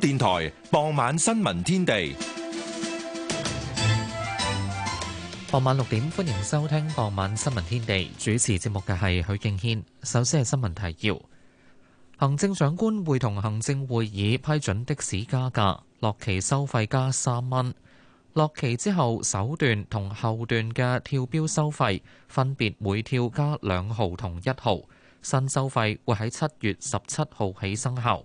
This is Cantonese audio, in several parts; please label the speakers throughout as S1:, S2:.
S1: 電台傍晚新聞天地，傍晚六點，歡迎收
S2: 聽傍晚新聞天地。主持節目嘅係許敬軒。首先係新聞提要：行政長官會同行政會議批准的士加價，落旗收費加三蚊。落旗之後，首段同後段嘅跳標收費分別每跳加兩毫同一毫。新收費會喺七月十七號起生效。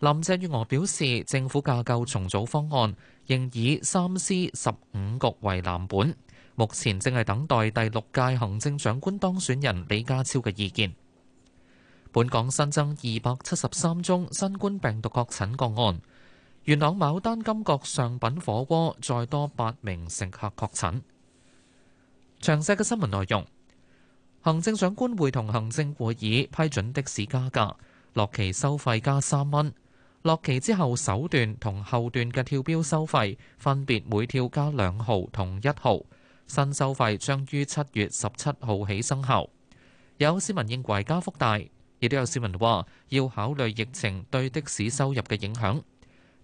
S2: 林鄭月娥表示，政府架構重組方案仍以三司十五局為藍本，目前正係等待第六屆行政長官當選人李家超嘅意見。本港新增二百七十三宗新冠病毒確診個案，元朗牡丹金閣上品火鍋再多八名食客確診。詳細嘅新聞內容，行政長官會同行政會議批准的士加價，落期收費加三蚊。落旗之後，首段同後段嘅跳錶收費分別每跳加兩毫同一毫，新收費將於七月十七號起生效。有市民認為加幅大，亦都有市民話要考慮疫情對的士收入嘅影響。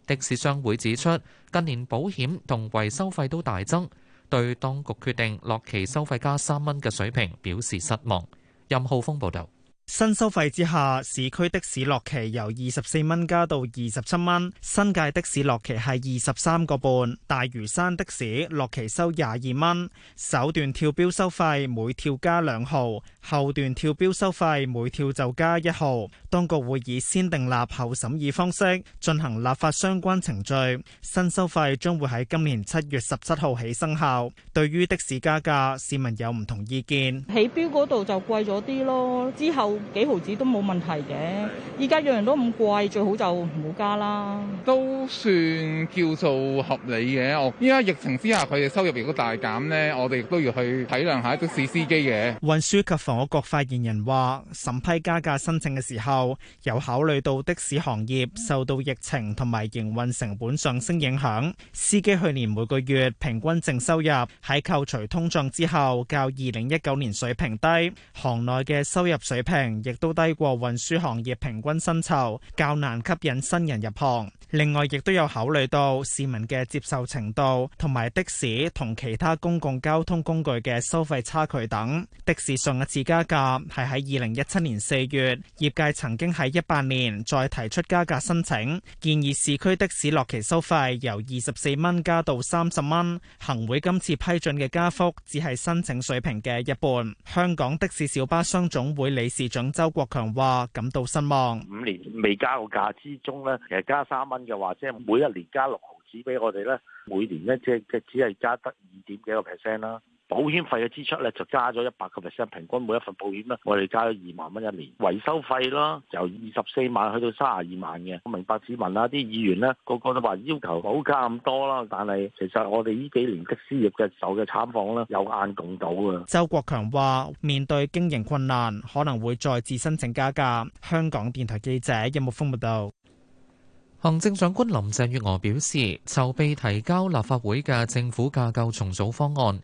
S2: 的士商會指出，近年保險同維修費都大增，對當局決定落旗收費加三蚊嘅水平表示失望。任浩峰報導。新收費之下，
S3: 市區的士落旗由二十四蚊加到二十七蚊，新界的士落旗係二十三個半，大嶼山的士落旗收廿二蚊。首段跳錶收費每跳加兩毫，後段跳錶收費每跳就加一毫。當局會以先訂立後審議方式進行立法相關程序，新收費將會喺今年七月十七號起生效。對於的士加價，市民有唔同意見。
S4: 起錶嗰度就貴咗啲咯，之後。幾毫子都冇問題
S3: 嘅，
S4: 依家樣樣都咁貴，最好就唔好加啦。
S3: 都算叫做合理嘅。依家疫情之下，佢哋收入亦都大減咧，我哋亦都要去體諒下一的士司機嘅。運輸、嗯、及房屋局發言人話，審批加價申請嘅時候，有考慮到的士行業受到疫情同埋營運成本上升影響，司機去年每個月平均淨收入喺扣除通脹之後較二零一九年水平低，行內嘅收入水平。亦都低過運輸行業平均薪酬，較難吸引新人入行。另外，亦都有考慮到市民嘅接受程度，同埋的士同其他公共交通工具嘅收費差距等。的士上一次加價係喺二零一七年四月，業界曾經喺一八年再提出加價申請，建議市區的士落旗收費由二十四蚊加到三十蚊。行會今次批准嘅加幅只係申請水平嘅一半。香港的士小巴商總會理事長周國強話感到失望，五
S5: 年未加過價之中咧，其實加三蚊嘅話，即係每一年加六毫紙俾我哋咧，每年咧即係即只係加得二點幾個 percent 啦。保險費嘅支出咧就加咗一百個 percent，平均每一份保險咧，我哋加咗二萬蚊一年。維修費啦，由二十四萬去到三十二萬嘅。我明白市民啦，啲議員呢，個個都話要求好加咁多啦，但係其實我哋呢幾年的事入嘅受嘅產房咧，有眼共睹嘅。
S3: 周國強話：面對經營困難，可能會再次申請加價。
S2: 香港電台記者任木峯報道。行政長官林鄭月娥表示，籌備提交立法會嘅政府架構重組方案，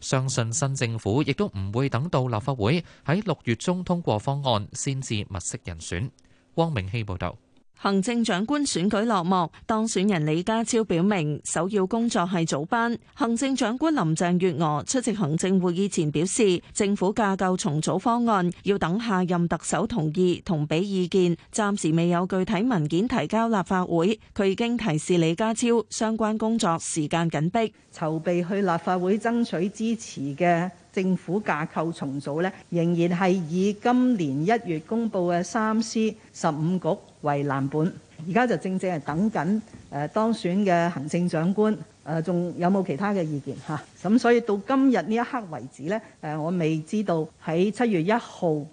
S2: 相信新政府亦都唔會等到立法會喺六月中通過方案，先至物色人選。汪明希報
S6: 道。行政長官選舉落幕，當選人李家超表明首要工作係早班。行政長官林鄭月娥出席行政會議前表示，政府架構重組方案要等下任特首同意同俾意見，暫時未有具體文件提交立法會。佢已經提示李家超，相關工作時間緊迫，籌備去立法會爭取支持嘅。政府架構重
S4: 組呢，仍然係以今年一月公佈嘅三司十五局為藍本，而家就正正係等緊誒、呃、當選嘅行政長官。誒仲有冇其他嘅意見嚇？咁，啊，所以到今日呢一刻為止呢誒，啊，我未知道喺七月一號，誒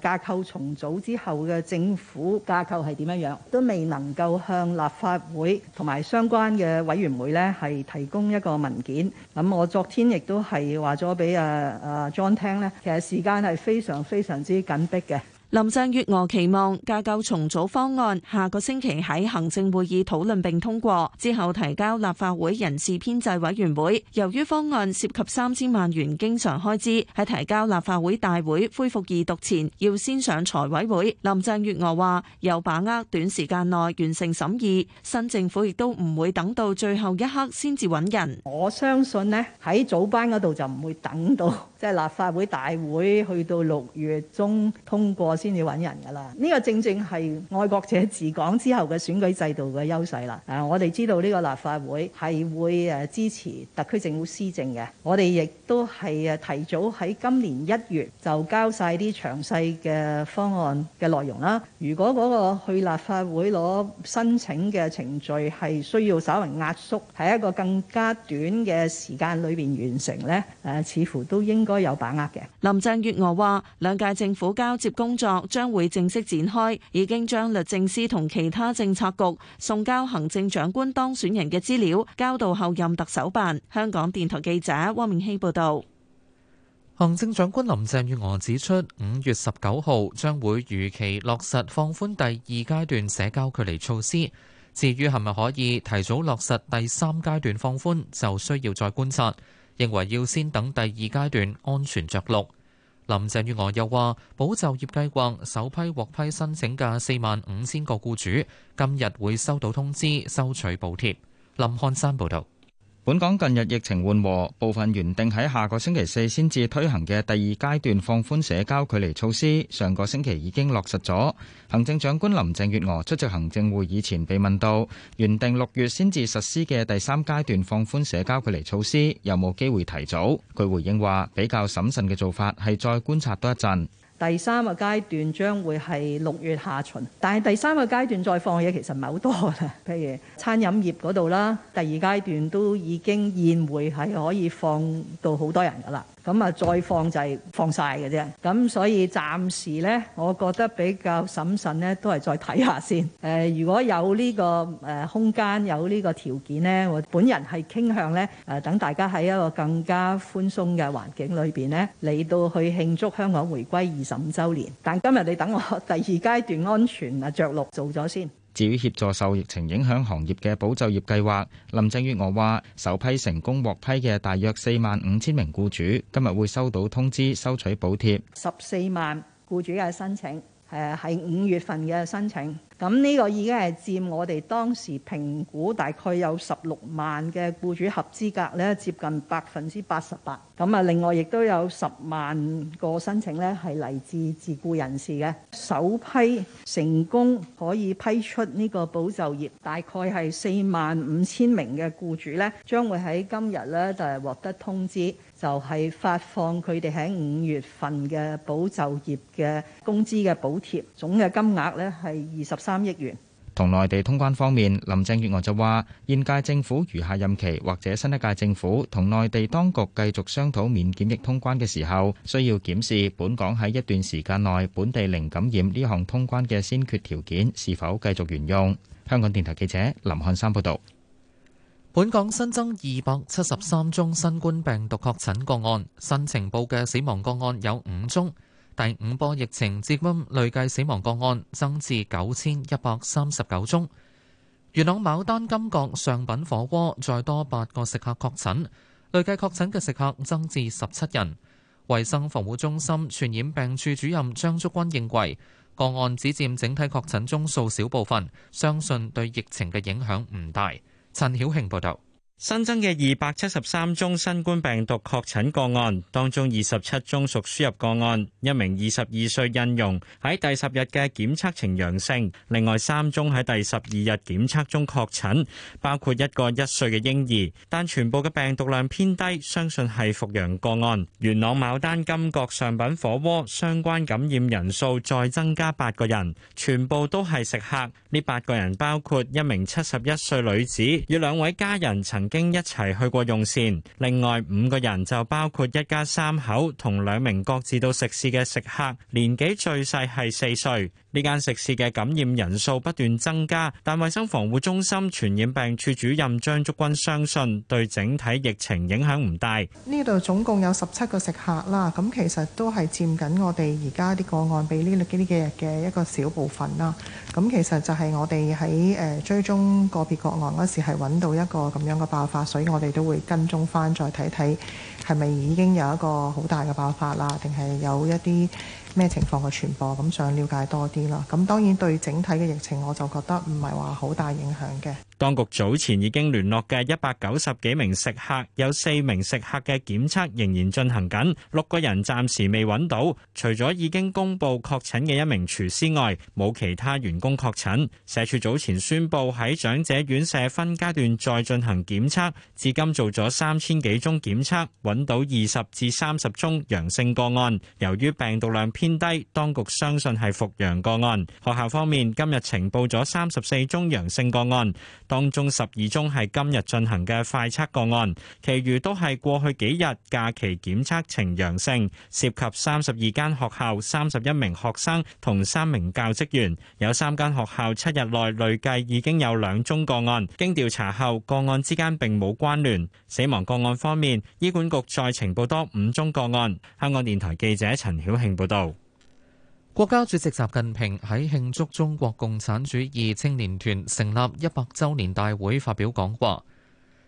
S4: 架構重組之後嘅政府架構係點樣樣，都未能夠向立法會同埋相關嘅委員會呢係提供一個文件。咁，啊，我昨天亦都係話咗俾誒誒 John 聽呢，其實
S6: 時間係非常非常之緊迫嘅。林鄭月娥期望架構重組方案下個星期喺行政會議討論並通過，之後提交立法會人事編製委員會。由於方案涉及三千萬元經常開支，喺提交立法會大會恢復二讀前，要先上財委會。林鄭月娥話有把握短時間內完成審議，新政府亦都唔會等到最後一刻先至揾人。
S4: 我相信呢，喺早班嗰度就唔會等到。即係立法會大會去到六月中通過先至揾人噶啦。呢個正正係愛國者治港之後嘅選舉制度嘅優勢啦。誒，我哋知道呢個立法會係會誒支持特區政府施政嘅。我哋亦都係誒提早喺今年一月就交晒啲詳細嘅方案嘅內容啦。如果嗰個去立法會攞申請嘅程序係需要稍為壓縮，喺一個更加
S6: 短嘅時間裏邊完成咧，誒，似乎都應。該有把握嘅。林鄭月娥話：兩屆政府交接工作將會正式展開，已經將律政司同其他政策局送交行政長官當選人嘅資料交到候任特首辦。香港電台記者汪明希報導。
S2: 行政長官林鄭月娥指出，五月十九號將會如期落實放寬第二階段社交距離措施。至於係咪可以提早落實第三階段放寬，就需要再觀察。認為要先等第二階段安全着陸。林鄭月娥又話：保就業計劃首批獲批申請嘅四萬五千個僱
S7: 主，今日會收到通知收取補貼。林漢山報導。本港近日疫情緩和，部分原定喺下個星期四先至推行嘅第二階段放寬社交距離措施，上個星期已經落實咗。行政長官林鄭月娥出席行政會議前被問到，原定六月先至實施嘅第三階段放寬社交距離措施有冇機會提早？佢回應話：比較審慎嘅做法係再觀察多一陣。
S4: 第三個階段將會係六月下旬，但係第三個階段再放嘢其實唔係好多啦。譬如餐飲業嗰度啦，第二階段都已經宴會係可以放到好多人噶啦。咁啊，再放就係放晒嘅啫。咁所以暫時咧，我覺得比較審慎咧，都係再睇下先。誒、呃，如果有呢、呢個誒、呃、空間，有個條呢個條件咧，我本人係傾向咧，誒、呃、等大家喺一個更加寬鬆嘅環境裏邊咧，嚟到去慶祝香港回歸二十五週年。但今日你等我第二階段安全啊着陸做咗
S7: 先。至於協助受疫情影響行業嘅保就業計劃，林鄭月娥話：首批成功獲批嘅大約四萬五千名僱主，今日會收到通知收取補貼。
S4: 十四萬僱主嘅申請，誒係五月份嘅申請。咁呢個已經係佔我哋當時評估大概有十六萬嘅雇主合資格咧，接近百分之八十八。咁啊，另外亦都有十萬個申請咧，係嚟自自雇人士嘅首批成功可以批出呢個保就業，大概係四萬五千名嘅雇主咧，將會喺今日咧就係獲得通知。就係發放佢哋喺五月份嘅保就業嘅工資嘅補貼，總嘅金額呢係二十三億元。
S7: 同內地通關方面，林鄭月娥就話：現屆政府餘下任期或者新一屆政府同內地當局繼續商討免檢疫通關嘅時候，需要檢視本港喺一段時間內本地零感染呢項通關嘅先決條件是否繼續沿用。香港電台記者林漢山報導。本港新增二
S2: 百七十三宗新冠病毒確診個案，新情報嘅死亡個案有五宗。第五波疫情至今累計死亡個案增至九千一百三十九宗。元朗牡丹金閣上品火鍋再多八個食客確診，累計確診嘅食客增至十七人。衛生防護中心傳染病處主任張竹君認為，個案只佔整體確診宗數小部分，相信對疫情嘅影響唔大。陳曉慶報道。新增嘅二
S8: 百七十三宗新冠病毒確診個案，當中二十七宗屬輸入個案，一名二十二歲印傭喺第十日嘅檢測呈陽性，另外三宗喺第十二日檢測中確診，包括一個一歲嘅嬰兒，但全部嘅病毒量偏低，相信係復陽個案。元朗牡丹金閣上品火鍋相關感染人數再增加八個人，全部都係食客。呢八個人包括一名七十一歲女子與兩位家人曾。經一齊去過用膳。另外五個人就包括一家三口同兩名各自到食肆嘅食客，年紀最細係四歲。呢間食肆嘅感染人數不斷增加，但衞生防護中心傳染病處主任張竹君相信對整體疫情影響唔大。
S2: 呢度總共有十七個食客啦，咁其實都係佔緊我哋而家啲個案比呢呢幾日嘅一個小部分啦。咁其實就係我哋喺誒追蹤個別個案嗰時係揾到一個咁樣嘅爆發，所以我哋都會跟蹤翻，再睇睇係咪已經有一個好大嘅爆發啦，定係有一啲。咩情況嘅傳播，噉想了解多啲喇，噉當然對整體嘅疫情，我就覺得唔係話好大影響嘅。
S8: 當局早前已經聯絡嘅一百九十幾名食客，有四名食客嘅檢測仍然進行緊，六個人暫時未揾到。除咗已經公布確診嘅一名廚師外，冇其他員工確診。社署早前宣布喺長者院舍分階段再進行檢測，至今做咗三千幾宗檢測，揾到二十至三十宗陽性個案。由於病毒量偏低，當局相信係復陽個案。學校方面今日呈報咗三十四宗陽性個案。當中十二宗係今日進行嘅快測個案，其餘都係過去幾日假期檢測呈陽性，涉及三十二間學校、三十一名學生同三名教職員。有三間學校七日內累計已經有兩宗個案，經調查後個案之間並冇關聯。死亡個案方面，醫管局再呈報多五宗個案。香港電台記者陳曉
S2: 慶報導。國家主席習近平喺慶祝中國共產主義青年團成立一百周年大會發表講話，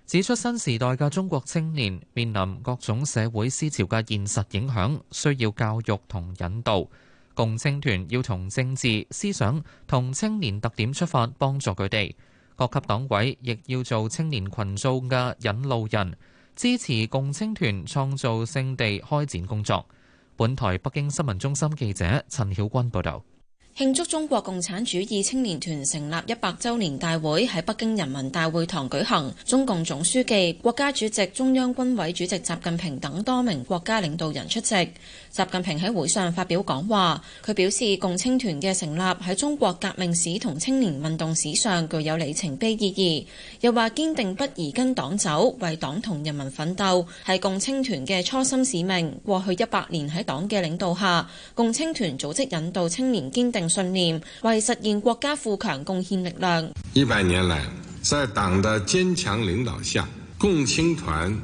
S2: 指出新時代嘅中國青年面臨各種社會思潮嘅現實影響，需要教育同引導，共青團要從政治思想同青年特點出發，幫助佢哋。各級黨委亦要做青年群眾嘅引路人，支持共青團創造性地開展工作。本台北京新聞中心記者陳曉君報道。
S9: 慶祝中國共產主義青年團成立一百周年大會喺北京人民大會堂舉行，中共總書記、國家主席、中央軍委主席習近平等多名國家領導人出席。習近平喺會上發表講話，佢表示共青團嘅成立喺中國革命史同青年運動史上具有里程碑意義，又話堅定不移跟黨走，為黨同人民奮鬥係共青團嘅初心使命。過去一百年喺黨嘅領導下，共青團組織引導青年堅定信念，為實現國家富強貢獻力量。
S10: 一百年來，在黨的堅強領導下，共青團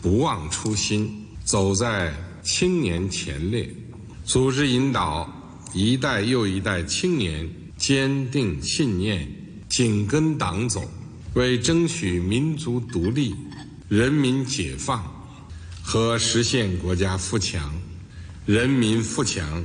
S10: 不忘初心，走在青年前列，組織引導一代又一代青年堅定信念，緊跟黨走，為爭取民族獨立、人民解放和實現國家富強、人民富強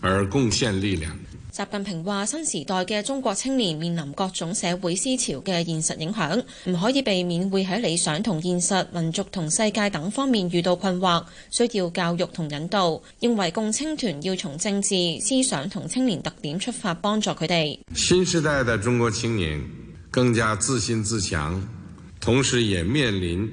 S10: 而貢獻力量。
S9: 習近平話新時代嘅中國青年面臨各種社會思潮嘅現實影響，唔可以避免會喺理想同現實、民族同世界等方面遇到困惑，需要教育同引導，認為共青團要從政治、思想同青年特點出發幫助佢哋。
S10: 新時代嘅中國青年更加自信自強，同時也面臨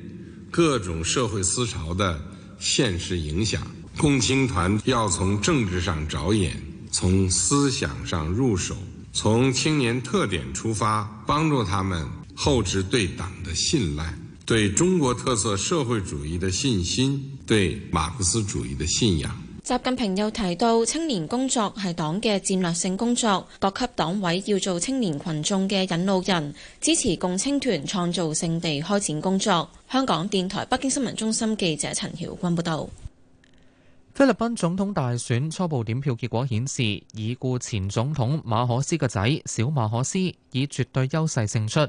S10: 各種社會思潮的現實影響，共青團要從政治上着眼。從思想上入手，從青年特點出發，幫助他們厚植對黨的信賴、對中國特色社會主義的信心、對馬克思主義的信仰。
S9: 習近平又提到，青年工作係黨嘅戰略性工作，各級黨委要做青年群眾嘅引路人，支持共青團創造性地開展工作。香港電台北京新聞中心記者陳曉君報道。
S2: 菲律賓總統大選初步點票結果顯示，已故前總統馬可斯嘅仔小馬可斯以絕對優勢勝出，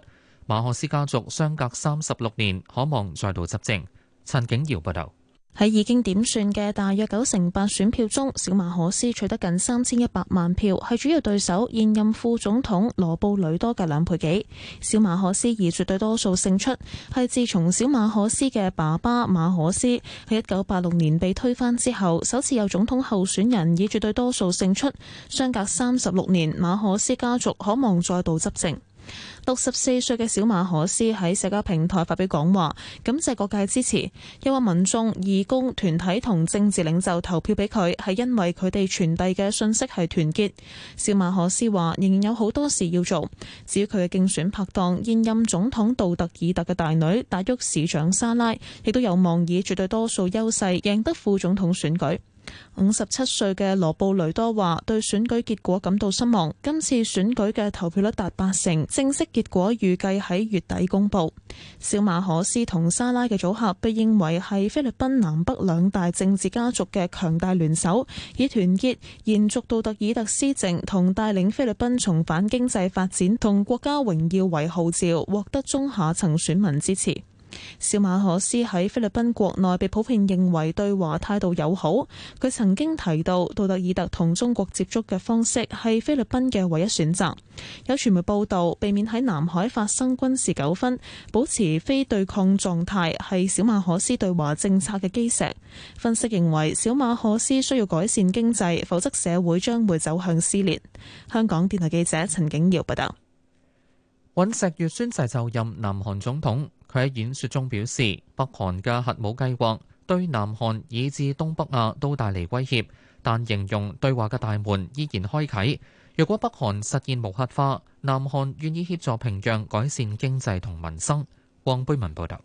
S2: 馬可斯家族相隔三十六年可望再度執政。陳景耀報道。
S11: 喺已經點算嘅大約九成八選票中，小馬可斯取得近三千一百萬票，係主要對手現任副總統羅布雷多嘅兩倍幾。小馬可斯以絕對多數勝出，係自從小馬可斯嘅爸爸馬可斯喺一九八六年被推翻之後，首次有總統候選人以絕對多數勝出。相隔三十六年，馬可斯家族可望再度執政。六十四歲嘅小馬可斯喺社交平台發表講話，感謝各界支持，又話民眾、義工、團體同政治領袖投票俾佢，係因為佢哋傳遞嘅信息係團結。小馬可斯話仍然有好多事要做。至於佢嘅競選拍檔現任總統杜特爾特嘅大女達沃市長莎拉，亦都有望以絕對多數優勢贏得副總統選舉。五十七歲嘅羅布雷多話對選舉結果感到失望。今次選舉嘅投票率達八成，正式結果預計喺月底公布。小馬可斯同莎拉嘅組合被認為係菲律賓南北兩大政治家族嘅強大聯手，以團結延續杜特爾特施政同帶領菲律賓重返經濟發展同國家榮耀為號召，獲得中下層選民支持。小馬可斯喺菲律賓國內被普遍認為對華態度友好。佢曾經提到，杜特爾特同中國接觸嘅方式係菲律賓嘅唯一選擇。有傳媒報道，避免喺南海發生軍事糾紛，保持非對抗狀態係小馬可斯對華政策嘅基石。分析認為，小馬可斯需要改善經濟，否則社會將會走向撕裂。香港電台記者陳景瑤報道。
S2: 尹錫悅宣誓就任南韓總統。佢喺演說中表示，北韓嘅核武計劃對南韓以至東北亞都帶嚟威脅，但形容對話嘅大門依然開啟。若果北韓實現無核化，南
S12: 韓願意協助平
S2: 壤改善經濟同民生。黃貝文報道。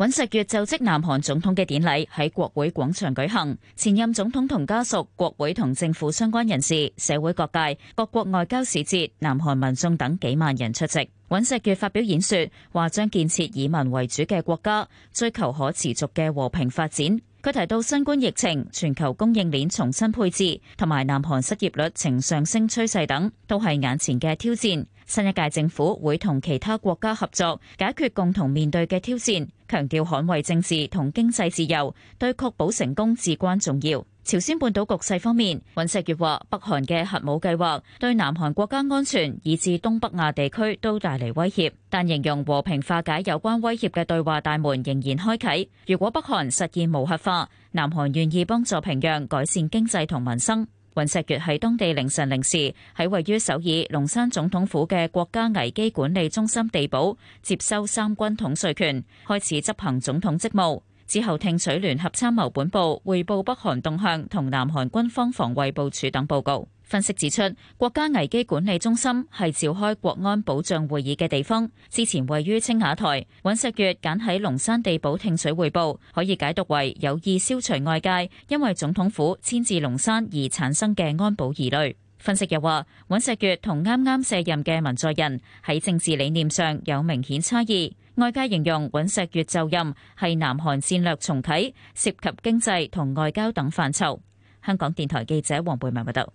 S12: 尹錫悅就職南韓總統嘅典禮喺國會廣場舉行，前任總統同家屬、國會同政府相關人士、社會各界、各國外交使節、南韓民眾等幾萬人出席。尹錫悅發表演說，說，話將建設以民為主嘅國家，追求可持續嘅和平發展。佢提到新冠疫情、全球供應鏈重新配置同埋南韓失業率呈上升趨勢等，都係眼前嘅挑戰。新一屆政府會同其他國家合作解決共同面對嘅挑戰，強調捍衛政治同經濟自由對確保成功至關重要。朝鮮半島局勢方面，尹錫悅話北韓嘅核武計劃對南韓國家安全以至東北亞地區都帶嚟威脅，但形容和平化解有關威脅嘅對話大門仍然開啓。如果北韓實現無核化，南韓願意幫助平壤改善經濟同民生。尹錫悅喺當地凌晨零時喺位於首爾龍山總統府嘅國家危機管理中心地堡接收三軍統帥權，開始執行總統職務。之後聽取聯合參謀本部匯報北韓動向同南韓軍方防衛部署等報告。分析指出，國家危機管理中心係召開國安保障會議嘅地方。之前位於青瓦台，尹錫悅揀喺龍山地堡聽取彙報可以解讀為有意消除外界因為總統府遷至龍山而產生嘅安保疑慮。分析又話，尹錫悅同啱啱卸任嘅文在寅喺政治理念上有明顯差異。外界形容尹錫悅就任係南韓戰略重啟，涉及經濟同外交等範疇。香港電台記者黃貝文報道。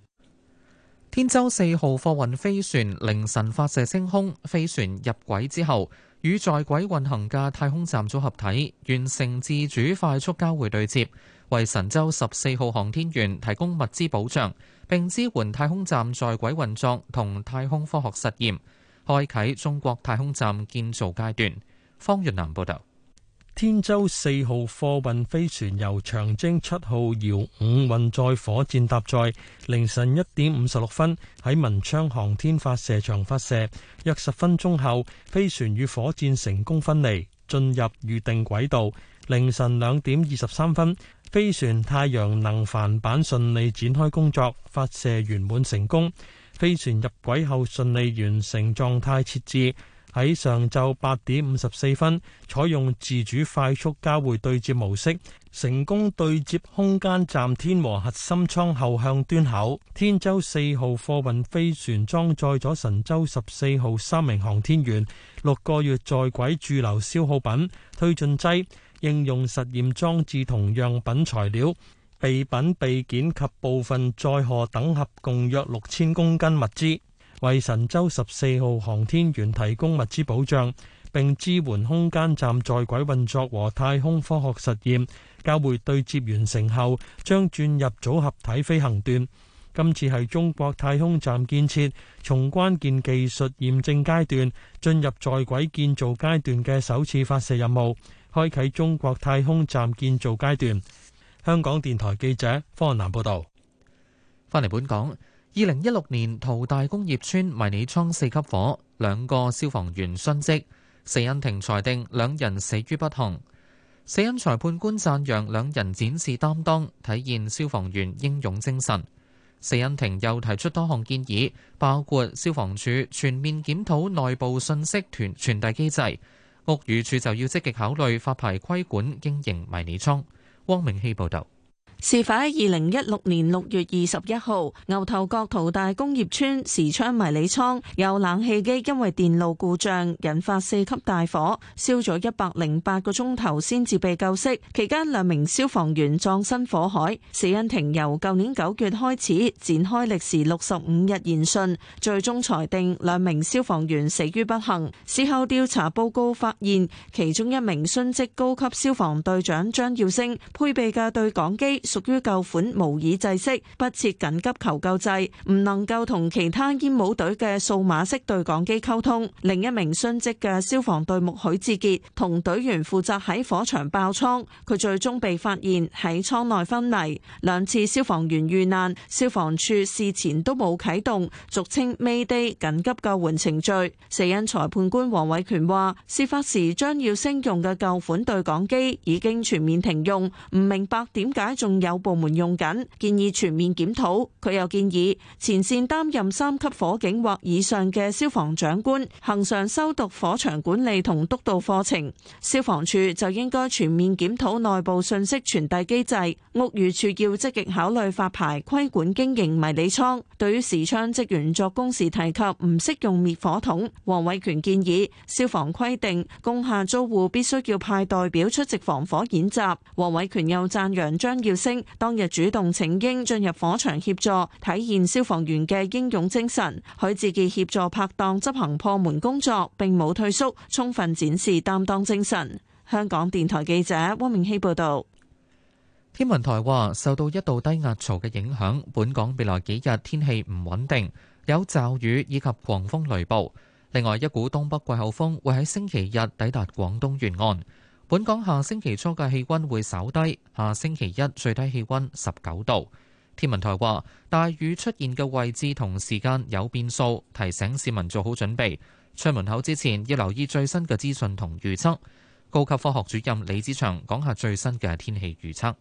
S2: 天舟四號貨運飛船凌晨發射升空，飛船入軌之後，與在軌運行嘅太空站組合體完成自主快速交會對接，為神舟十四號航天員提供物資保障，並支援太空站在軌運作同太空科學實驗，
S1: 開啟中國太空站建造階段。方潤南報道。天舟四號貨運飛船由長征七號遙五運載火箭搭載，凌晨一點五十六分喺文昌航天發射場發射。約十分鐘後，飛船與火箭成功分離，進入預定軌道。凌晨兩點二十三分，飛船太陽能帆板順利展開工作，發射圓滿成功。飛船入軌後，順利完成狀態設置。喺上晝八點五十四分，採用自主快速交匯對接模式，成功對接空間站天和核心艙後向端口。天舟四號貨運飛船裝載咗神舟十四號三名航天員、六個月在軌駐留消耗品、推進劑、應用實驗裝置同樣品材料、備品備件及部分載荷等合共約六千公斤物資。為神舟十四號航天員提供物資保障，並支援空間站在軌運作和太空科學實驗。交會對接完成後，將轉入組合體飛行段。今次係中國太空站建設從關鍵技術驗證階段進入在軌建造階段嘅首次發射任務，開啟中國太空站建造階段。香港電台記者方南報道。翻嚟本港。二零一六年淘大工業村迷你倉四級火，
S2: 兩個消防員殉職，死因庭裁定兩人死於不幸。死因裁判官讚揚兩人展示擔當，體現消防員英勇精神。死因庭又提出多項建議，包括消防處全面檢討內部信息團傳遞機制，屋宇署就要積極考慮發牌規管經營迷你倉。汪明希報道。
S6: 事發喺二零一六年六月二十一號，牛頭角淘大工業村時昌迷你倉有冷氣機因為電路故障引發四級大火，燒咗一百零八個鐘頭先至被救熄。期間兩名消防員葬身火海，死因庭由舊年九月開始展開歷時六十五日研訊，最終裁定兩名消防員死於不幸。事後調查報告發現，其中一名殉職高級消防隊長張耀升配備嘅對講機，屬於舊款模擬制式，不設緊急求救制，唔能夠同其他煙帽隊嘅數碼式對講機溝通。另一名殉職嘅消防隊目許志傑，同隊員負責喺火場爆倉，佢最終被發現喺倉內昏迷。兩次消防員遇難，消防處事前都冇啟動俗稱 mayday 緊急救援程序。死因裁判官黃偉權話，事發時將要升用嘅舊款對講機已經全面停用，唔明白點解仲有部門用緊，建議全面檢討。佢又建議前線擔任三級火警或以上嘅消防長官，行上修讀火場管理同督導課程。消防處就應該全面檢討內部信息傳遞機制。屋宇處要積極考慮發牌規管經營迷你倉。對於時昌職員作供時提及唔識用滅火筒，黃偉權建議消防規定工廈租戶必須要派代表出席防火演習。黃偉權又讚揚張耀。稱當日主動請纓進入火場協助，體現消防員嘅英勇精神。許志杰協助拍檔執行破門工作，並冇退縮，充分展示擔當精神。香港電台記者汪明熙報道。
S2: 天文台話，受到一道低壓槽嘅影響，本港未來幾日天氣唔穩定，有驟雨以及狂風雷暴。另外，一股東北季候風會喺星期日抵達廣東沿岸。本港下星期初嘅氣溫會稍低，下星期一最低氣溫十九度。天文台話，大雨出現嘅位置同時間有變數，提醒市民做好準備，出門口之前要留意最新嘅資訊同預測。高級科學主任李子祥講下最新嘅天氣預測。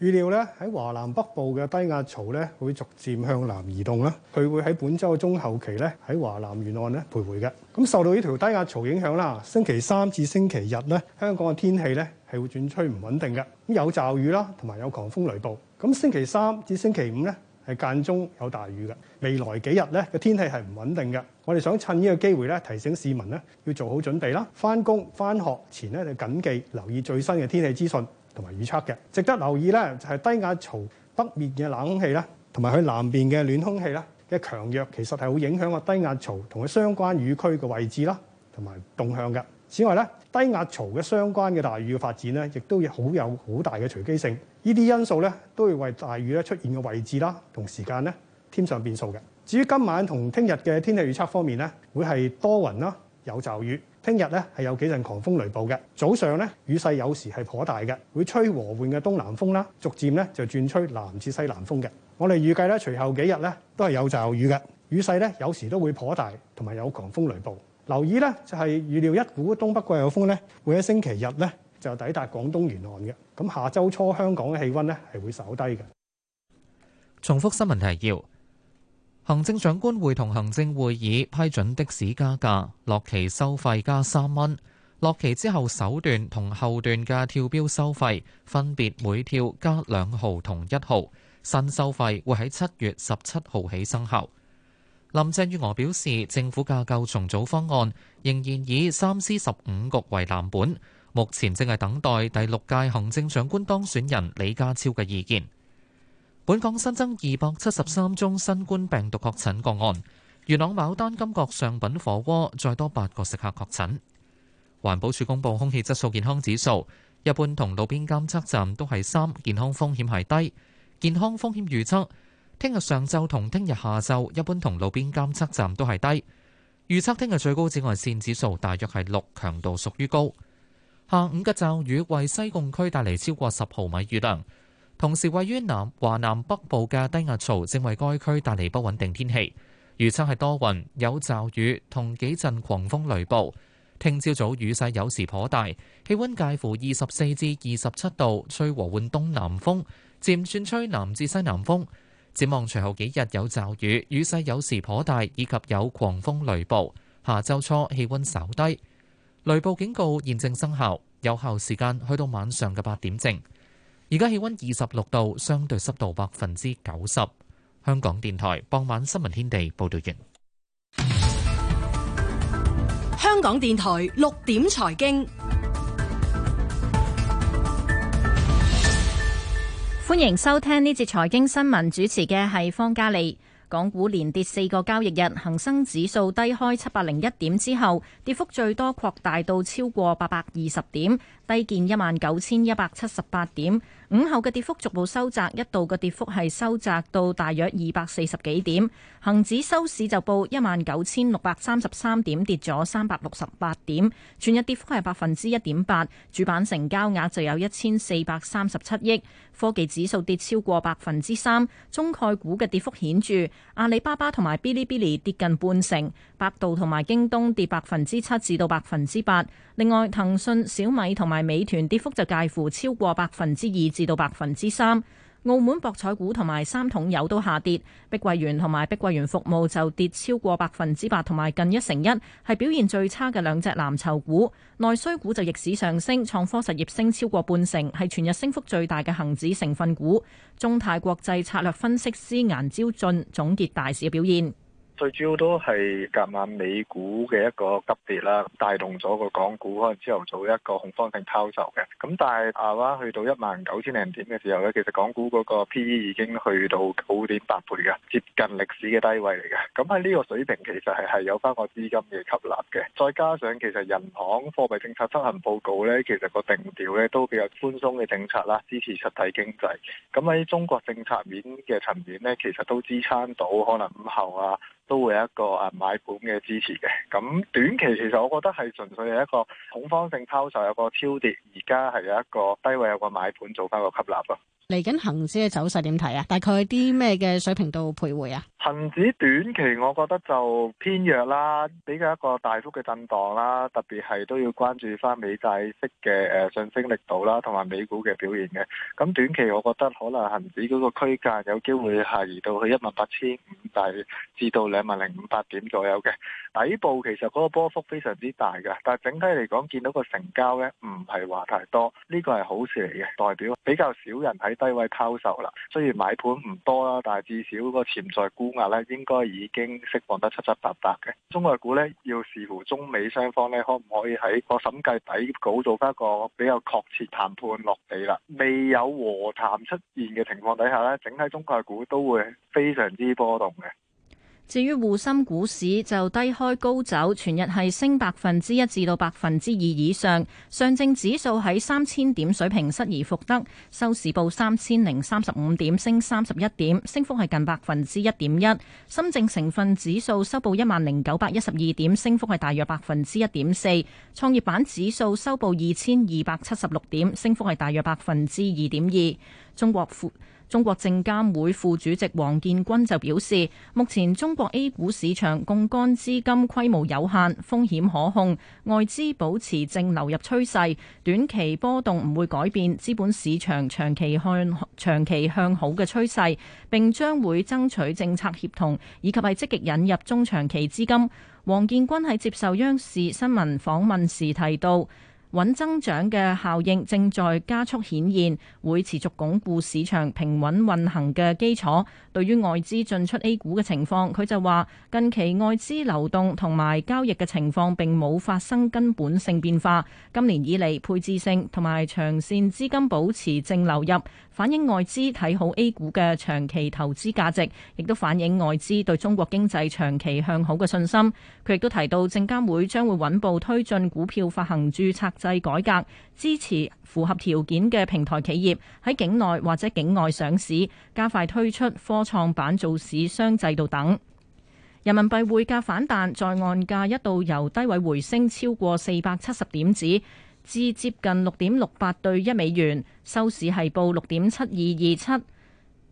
S13: 預料咧喺華南北部嘅低壓槽咧會逐漸向南移動啦，佢會喺本週中後期咧喺華南沿岸咧徘徊嘅。咁受到呢條低壓槽影響啦，星期三至星期日咧香港嘅天氣咧係會轉趨唔穩定嘅。咁有驟雨啦，同埋有狂風雷暴。咁星期三至星期五咧係間中有大雨嘅。未來幾日咧嘅天氣係唔穩定嘅。我哋想趁呢個機會咧提醒市民咧要做好準備啦，返工返學前咧就謹記留意最新嘅天氣資訊。同埋預測嘅，值得留意咧，就係低壓槽北面嘅冷空氣咧，同埋佢南邊嘅暖空氣咧嘅強弱，其實係好影響個低壓槽同佢相關雨區嘅位置啦，同埋動向嘅。此外咧，低壓槽嘅相關嘅大雨嘅發展咧，亦都有好有好大嘅隨機性，呢啲因素咧，都會為大雨咧出現嘅位置啦，同時間咧，添上變數嘅。至於今晚同聽日嘅天氣預測方面咧，會係多雲啦，有驟雨。聽日咧係有幾陣狂風雷暴嘅，早上咧雨勢有時係頗大嘅，會吹和緩嘅東南風啦，逐漸咧就轉吹南至西南風嘅。我哋預計咧，隨後幾日咧都係有驟雨嘅，雨勢咧有時都會頗大，同埋有，有狂風雷暴。留意咧就係、是、預料一股東北季候風咧會喺星期日咧就抵達廣東沿岸嘅，咁下周初香港嘅氣溫咧係會稍低嘅。
S2: 重複新聞提要。行政長官會同行政會議批准的士加價，落旗收費加本港新增二百七十三宗新冠病毒確診個案，元朗牡丹金閣上品火鍋再多八個食客確診。環保署公布空氣質素健康指數，一般同路邊監測站都係三，健康風險係低。健康風險預測，聽日上晝同聽日下晝一般同路邊監測站都係低。預測聽日最高紫外線指數大約係六，強度屬於高。下午嘅驟雨為西貢區帶嚟超過十毫米雨量。同時，位於南華南北部嘅低壓槽正為該區帶嚟不穩定天氣，預測係多雲、有驟雨同幾陣狂風雷暴。聽朝早雨勢有時頗大，氣温介乎二十四至二十七度，吹和緩東南風，漸轉吹南至西南風。展望隨後幾日有驟雨，雨勢有時頗大，以及有狂風雷暴。下周初氣温稍低，雷暴警告現正生效，有效時間去到晚上嘅八點正。而家氣温二十六度，相對濕度百分之九十。香港電台傍晚新聞天地報道完。
S14: 香港電台六點財經，歡迎收聽呢節財經新聞。主持嘅係方嘉利。港股連跌四個交易日，恒生指數低開七百零一點之後，跌幅最多擴大到超過八百二十點，低見一萬九千一百七十八點。午後嘅跌幅逐步收窄，一度嘅跌幅係收窄到大約二百四十幾點。恒指收市就報一萬九千六百三十三點，跌咗三百六十八點，全日跌幅係百分之一點八。主板成交額就有一千四百三十七億。科技指數跌超過百分之三，中概股嘅跌幅顯著。阿里巴巴同埋 Bilibili 跌近半成，百度同埋京東跌百分之七至到百分之八。另外，騰訊、小米同埋美團跌幅就介乎超過百分之二。至到百分之三，澳門博彩股同埋三桶油都下跌，碧桂園同埋碧桂園服務就跌超過百分之八同埋近一成一，係表現最差嘅兩隻藍籌股。內需股就逆市上升，創科實業升超過半成，係全日升幅最大嘅恒指成分股。中泰國際策略分析師顏昭俊總結大市嘅表現。
S5: 最主要都係隔晚美股嘅一個急跌啦，帶動咗個港股可能朝頭早一個恐慌性拋售嘅。咁但係亞灣去到一萬九千零點嘅時候咧，其實港股嗰個 P/E 已經去到九點八倍嘅，接近歷史嘅低位嚟嘅。咁喺呢個水平其實係係有翻個資金嘅吸納嘅。再加上其實人行貨幣政策執行報告咧，其實個定調咧都比較寬鬆嘅政策啦，支持實體經濟。咁喺中國政策面嘅層面咧，其實都支撐到可能午後啊，都會有一個啊買盤嘅支持嘅，咁短期其實我覺得係純粹係一個恐慌性拋售，有個超跌，而家係有一個低位有個買盤做返個吸納咯。
S15: 嚟緊恒指嘅走勢點睇啊？大概啲咩嘅水平度徘徊啊？
S5: 恒指短期我覺得就偏弱啦，比較一個大幅嘅震盪啦，特別係都要關注翻美債息嘅誒、呃、上升力度啦，同埋美股嘅表現嘅。咁短期我覺得可能恒指嗰個區間有機會係移到去一萬八千五百至到兩萬零五百點左右嘅底部，其實嗰個波幅非常之大嘅。但係整體嚟講，見到個成交咧唔係話太多，呢、這個係好事嚟嘅，代表比較少人喺。低位拋售啦，雖然買盤唔多啦，但係至少個潛在沽壓咧應該已經釋放得七七八八嘅。中概股咧要視乎中美雙方咧可唔可以喺個審計底稿做翻一個比較確切談判落地啦。未有和談出現嘅情況底下咧，整體中概股都會非常之波動嘅。
S14: 至於滬深股市就低開高走，全日係升百分之一至到百分之二以上。上證指數喺三千點水平失而復得，收市報三千零三十五點，升三十一點，升幅係近百分之一點一。深證成分指數收報一萬零九百一十二點，升幅係大約百分之一點四。創業板指數收報二千二百七十六點，升幅係大約百分之二點二。中國中國證監會副主席王建軍就表示，目前中國 A 股市場槓桿資金規模有限，風險可控，外資保持正流入趨勢，短期波動唔會改變資本市場長期向長期向好嘅趨勢，並將會爭取政策協同以及係積極引入中長期資金。王建軍喺接受央視新聞訪問時提到。穩增長嘅效應正在加速顯現，會持續鞏固市場平穩運行嘅基礎。對於外資進出 A 股嘅情況，佢就話近期外資流動同埋交易嘅情況並冇發生根本性變化。今年以嚟，配置性同埋長線資金保持淨流入，反映外資睇好 A 股嘅長期投資價值，亦都反映外資對中國經濟長期向好嘅信心。佢亦都提到，證監會將會穩步推進股票發行注冊。制改革，支持符合條件嘅平台企業喺境內或者境外上市，加快推出科創板做市商制度等。人民幣匯價反彈，在岸價一度由低位回升超過四百七十點子，至接近六點六八對一美元，收市係報六點七二二七。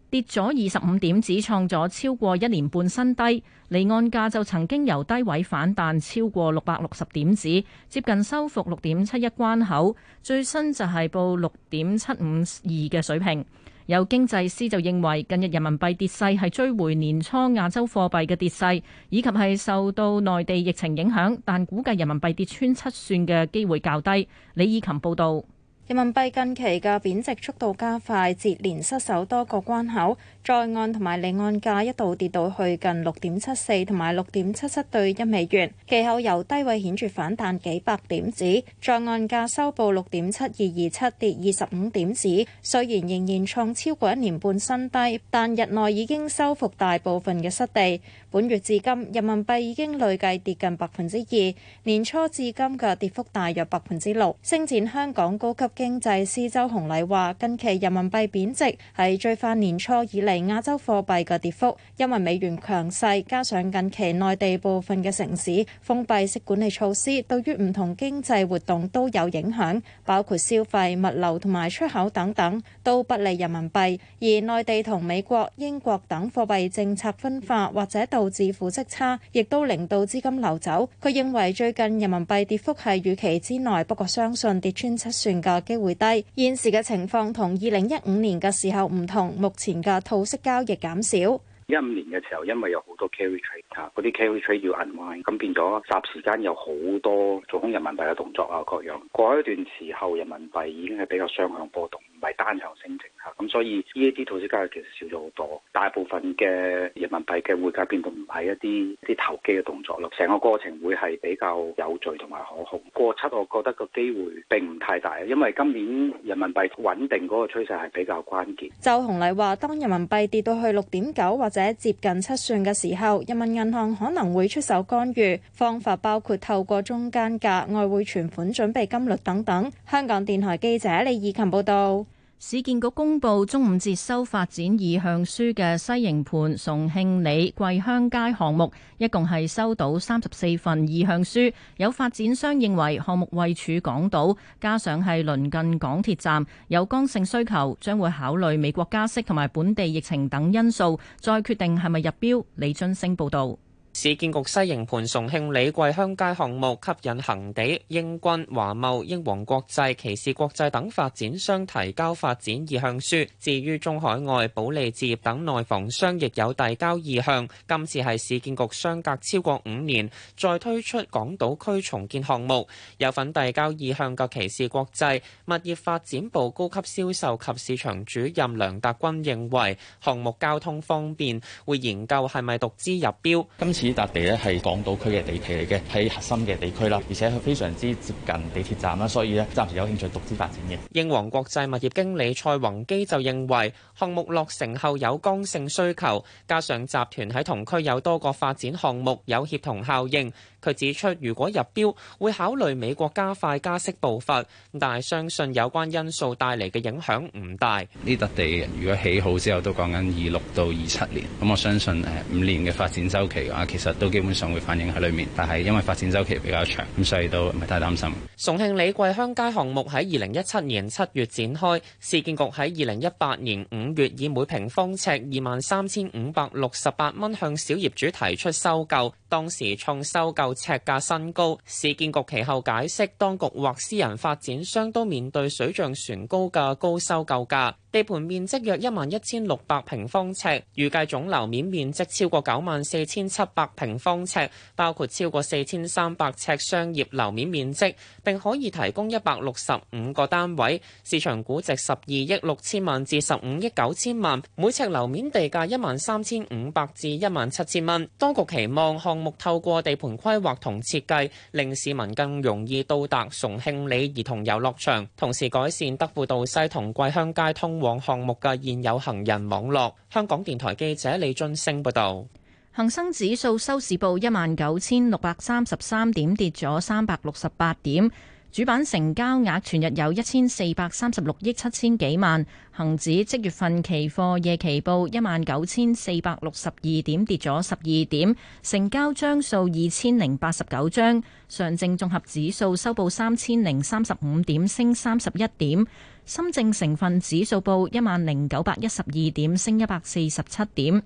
S14: 跌咗二十五點子，創咗超過一年半新低。離岸價就曾經由低位反彈超過六百六十點子，接近收復六點七一關口，最新就係報六點七五二嘅水平。有經濟師就認為，近日人民幣跌勢係追回年初亞洲貨幣嘅跌勢，以及係受到內地疫情影響，但估計人民幣跌穿七算嘅機會較低。李以琴報導。人民幣
S15: 近期嘅貶值速度加快，接連失守多個關口。在岸同埋離岸價一度跌到去近六點七四同埋六點七七對一美元，其後由低位顯著反彈幾百點子，在岸價收報六點七二二七，跌二十五點子，雖然仍然創超過一年半新低，但日內已經收復大部分嘅失地。本月至今，人民幣已經累計跌近百分之二，年初至今嘅跌幅大約百分之六。星展香港高級經濟師周洪禮話：近期人民幣貶值係最快年初以嚟。亞洲貨幣嘅跌幅，因為美元強勢，加上近期內地部分嘅城市封閉式管理措施，對於唔同經濟活動都有影響，包括消費、物流同埋出口等等都不利人民幣。而內地同美國、英國等貨幣政策分化或者導致負息差，亦都令到資金流走。佢認為最近人民幣跌幅係預期之內，不過相信跌穿七算嘅機會低。現時嘅情況同二零一五年嘅時候唔同，目前嘅套。息交易減少。
S13: 一五年嘅時候，因為有好多 carry trade 嚇，嗰啲 carry trade 要 unwind，咁變咗霎時間有好多做空人民幣嘅動作啊，各樣過一段時候，人民幣已經係比較雙向波動，唔係單向升值。咁所以呢一啲套息交易其實少咗好多，大部分嘅人民幣嘅匯價變動唔係一啲啲投機嘅動作咯。成個過程會係比較有序同埋可控。過七，我覺得個機會並唔太大，因為今年人民幣穩定嗰個趨勢係比較關鍵。
S15: 周紅麗話，當人民幣跌到去六點九或者接近七算嘅時候，人民銀行可能會出手干預，方法包括透過中間價、外匯存款準備金率等等。香港電台記者李以
S14: 琴報道。市建局公布，中午截收發展意向書嘅西營盤崇慶里桂香街項目，一共係收到三十四份意向書。有發展商認為項目位處港島，加上係鄰近港鐵站，有剛性需求，將會考慮美國加息同埋本地疫情等因素，再決定係咪入標。李津升報道。
S16: 市建局西營盤崇慶里桂香街項目吸引恆地、英軍、華茂、英皇國際、其士國際等發展商提交發展意向書。至於中海外、保利置業等內房商亦有遞交意向。今次係市建局相隔超過五年再推出港島區重建項目。有份遞交意向嘅其士國際物業發展部高級銷售及市場主任梁達君認為，項目交通方便，會研究係咪獨資入標。今次呢笪地咧係港島區嘅地皮嚟嘅，係核心嘅地區啦，而且佢非常之接近地鐵站啦，所以呢，暫時有興趣獨資發展嘅。英皇國際物業經理蔡宏基就認為，項目落成後有剛性需求，加上集團喺同區有多個發展項目，有協同效應。佢指出，如果入標，會考慮美國加快加息步伐，但係相信有關因素帶嚟嘅影響唔大。呢笪地如果起好之後，都講緊二六到二七年，咁我相信誒五年嘅發展周期嘅話，其實都基本上會反映喺裡面，但係因為發展周期比較長，咁所以都唔係太擔心。重慶里桂香街項目喺二零一七年七月展開，市建局喺二零一八年五月以每平方尺二萬三千五百六十八蚊向小業主提出收購，當時創收購呎價新高，市建局其後解釋，當局或私人發展商都面對水漲船高嘅高收購價。地盤面積約一萬一千六百平方尺，預計總樓面面積超過九萬四千七百平方尺，包括超過四千三百尺商業樓面面積，並可以提供一百六十五個單位。市場估值十二億六千萬至十五億九千萬，每尺樓面地價一萬三千五百至一萬七千蚊。當局期望項目透過地盤規劃同設計，令市民更容易到達崇慶里兒童遊樂場，同時改善德輔道西同桂香街通。王項目嘅現有行人網絡。香港電台記者李津升報道。
S14: 恒生指數收市報一萬九千六百三十三點，跌咗三百六十八點。主板成交額全日有一千四百三十六億七千幾萬。恒指即月份期貨夜期報一萬九千四百六十二點，跌咗十二點。成交張數二千零八十九張。上證綜合指數收報三千零三十五點，升三十一點。深證成分指數報一萬零九百一十二點，升一百四十七點。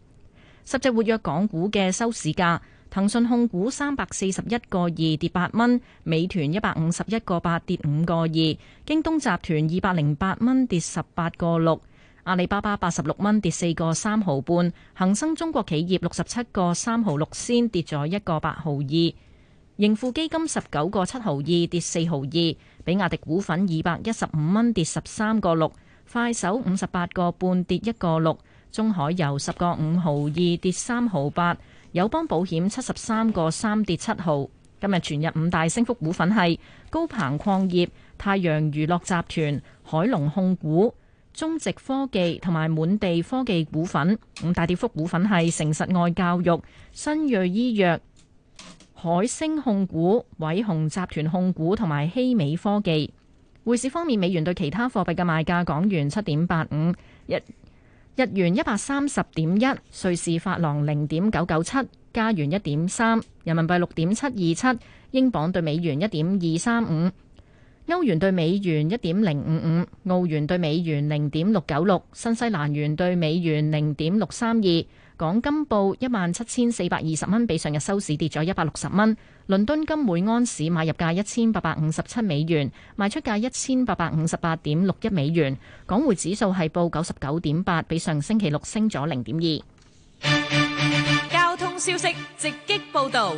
S14: 十隻活躍港股嘅收市價：騰訊控股三百四十一個二跌八蚊，美團一百五十一個八跌五個二，京東集團二百零八蚊跌十八個六，阿里巴巴八十六蚊跌四個三毫半，恒生中國企業六十七個三毫六先跌咗一個八毫二，盈富基金十九個七毫二跌四毫二。比亞迪股份二百一十五蚊跌十三個六，快手五十八個半跌一個六，中海油十個五毫二跌三毫八，友邦保險七十三個三跌七毫。今日全日五大升幅股份係高鵬礦業、太陽娛樂集團、海龍控股、中植科技同埋滿地科技股份。五大跌幅股份係成實外教育、新銳醫藥、海星控股、偉雄集團控股同埋希美科技。匯市方面，美元對其他貨幣嘅賣價：港元七點八五，日日元一百三十點一，瑞士法郎零點九九七，加元一點三，人民幣六點七二七，英鎊兌美元一點二三五，歐元兌美元一點零五五，澳元兌美元零點六九六，新西蘭元兌美元零點六三二。港金報一萬七千四百二十蚊，比上日收市跌咗一百六十蚊。倫敦金每安士買入價一千八百五十七美元，賣出價一千八百五十八點六一美元。港匯指數係報九十九點八，比上星期六升咗零點二。交通消息直擊報道，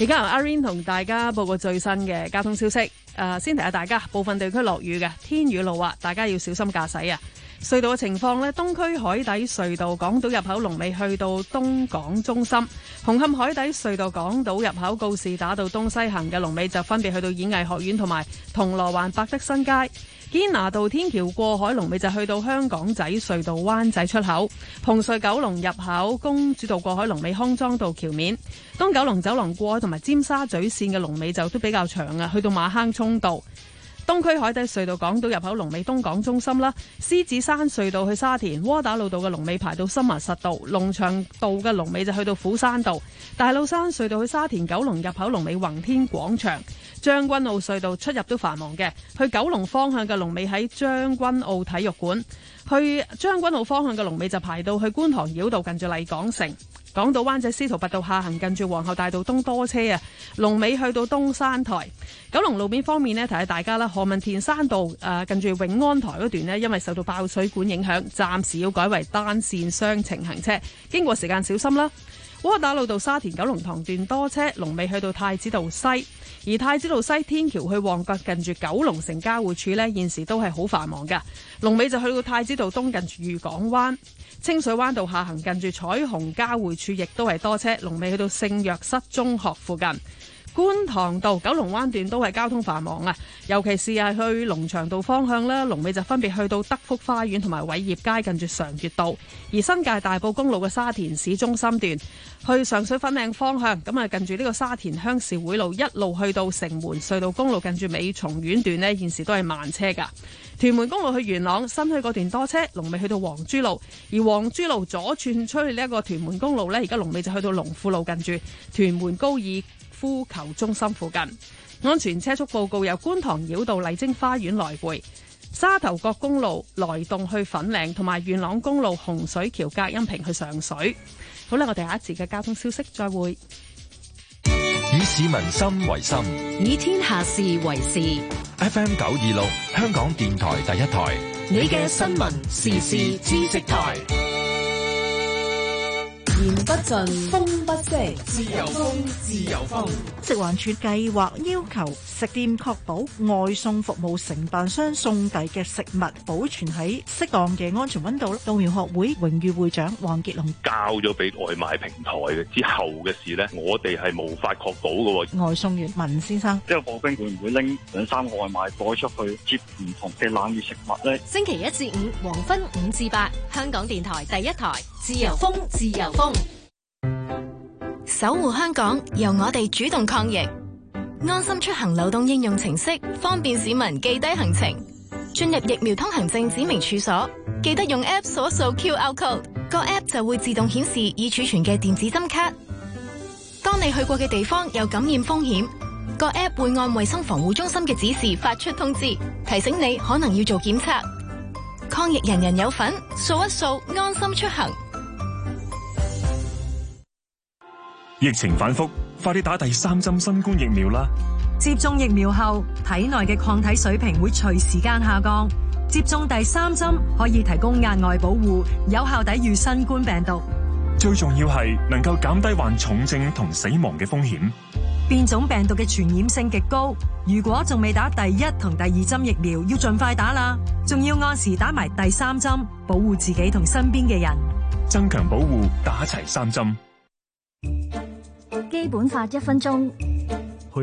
S17: 而家由阿 Rain 同大家報個最新嘅交通消息。誒、呃，先提下大家，部分地區落雨嘅，天雨路滑，大家要小心駕駛啊！隧道嘅情況呢，東區海底隧道港島入口龍尾去到東港中心；紅磡海底隧道港島入口告士打道東西行嘅龍尾就分別去到演藝學院同埋銅鑼灣百德新街；堅拿道天橋過海龍尾就去到香港仔隧道灣仔出口；紅隧九龍入口公主道過海龍尾康莊道橋面；東九龍走廊過海同埋尖沙咀線嘅龍尾就都比較長啊，去到馬坑涌道。東區海底隧道港島入口龍尾東港中心啦，獅子山隧道去沙田窩打老道嘅龍尾排到深華實道，龍翔道嘅龍尾就去到斧山道，大老山隧道去沙田九龍入口龍尾橫天廣場。將軍澳隧道出入都繁忙嘅，去九龍方向嘅龍尾喺將軍澳體育館；去將軍澳方向嘅龍尾就排到去觀塘繞道，近住麗港城、港島灣仔司徒拔道下行，近住皇后大道東多車啊。龍尾去到東山台、九龍路面方面呢，提下大家啦。何文田山道誒，近住永安台嗰段呢，因為受到爆水管影響，暫時要改為單線雙程行車，經過時間小心啦。窩打老道沙田九龍塘段多車，龍尾去到太子道西。而太子道西天橋去旺角近住九龍城交匯處呢，現時都係好繁忙㗎。龍尾就去到太子道東近住御港灣、清水灣道下行近住彩虹交匯處，亦都係多車。龍尾去到聖若瑟中學附近。觀塘道九龍灣段都係交通繁忙啊，尤其是係去龍翔道方向啦，龍尾就分別去到德福花園同埋偉業街，近住常悅道。而新界大埔公路嘅沙田市中心段，去上水粉嶺方向，咁啊近住呢個沙田鄉事會路一路去到城門隧道公路，近住美松苑段呢，現時都係慢車噶。屯門公路去元朗新墟嗰段多車，龍尾去到黃珠路，而黃珠路左轉出去呢一個屯門公路呢，而家龍尾就去到龍富路近，近住屯門高爾呼求中心附近，安全車速報告，由觀塘繞道麗晶花園來回、沙頭角公路來洞去粉嶺，同埋元朗公路洪水橋隔音屏去上水。好啦，我哋下一節嘅交通消息，再會。
S10: 以市民心
S5: 為心，
S17: 以天下事為事。
S5: FM 九二六，香港電台第一台，
S11: 你嘅新聞時事知識台。言不盡，風不息，
S5: 自由風，自由
S11: 風。食環署
S4: 計劃要求食店確保外送服務承辦商送遞嘅食物保存喺適當嘅安全溫度咧。稻苗學會榮譽會長黃傑龍，
S17: 交咗俾外賣平台嘅之後嘅事咧，我哋係無法確保嘅。
S5: 外送員文先生，呢個貨兵會唔會拎兩三個外賣袋出去接唔同嘅冷熱食物咧？
S14: 星期一至五黃昏五至八，香港電台第一台。自由風，自由風，守護香港，由我哋主動抗疫，安心出行。流動應用程式方便市民記低行程，進入疫苗通行證指明處所，記得用 App 掃一掃 QR code，個 App 就會自動顯示已儲存嘅電子針卡。當你去過嘅地方有感染風險，個 App 會按衛生防護中心嘅指示發出通知，提醒你可能要做檢測。抗疫人人有份，掃一掃，安心出行。
S13: 疫情反覆，快啲打第三針新冠疫苗
S5: 啦！
S4: 接種疫苗後，體內嘅抗體水平會隨時間下降。接種第三針可以提供額外保護，有效抵禦新冠病毒。
S13: 最重要係能夠減低患重症同死亡嘅風險。
S4: 變種病毒嘅傳染性極高，如果仲未打第一同第二針疫苗，要儘快打啦！仲要按時打埋第三針，保護自己同身邊嘅人。
S13: 增強保護，
S12: 打齊三針。基本法一分鐘。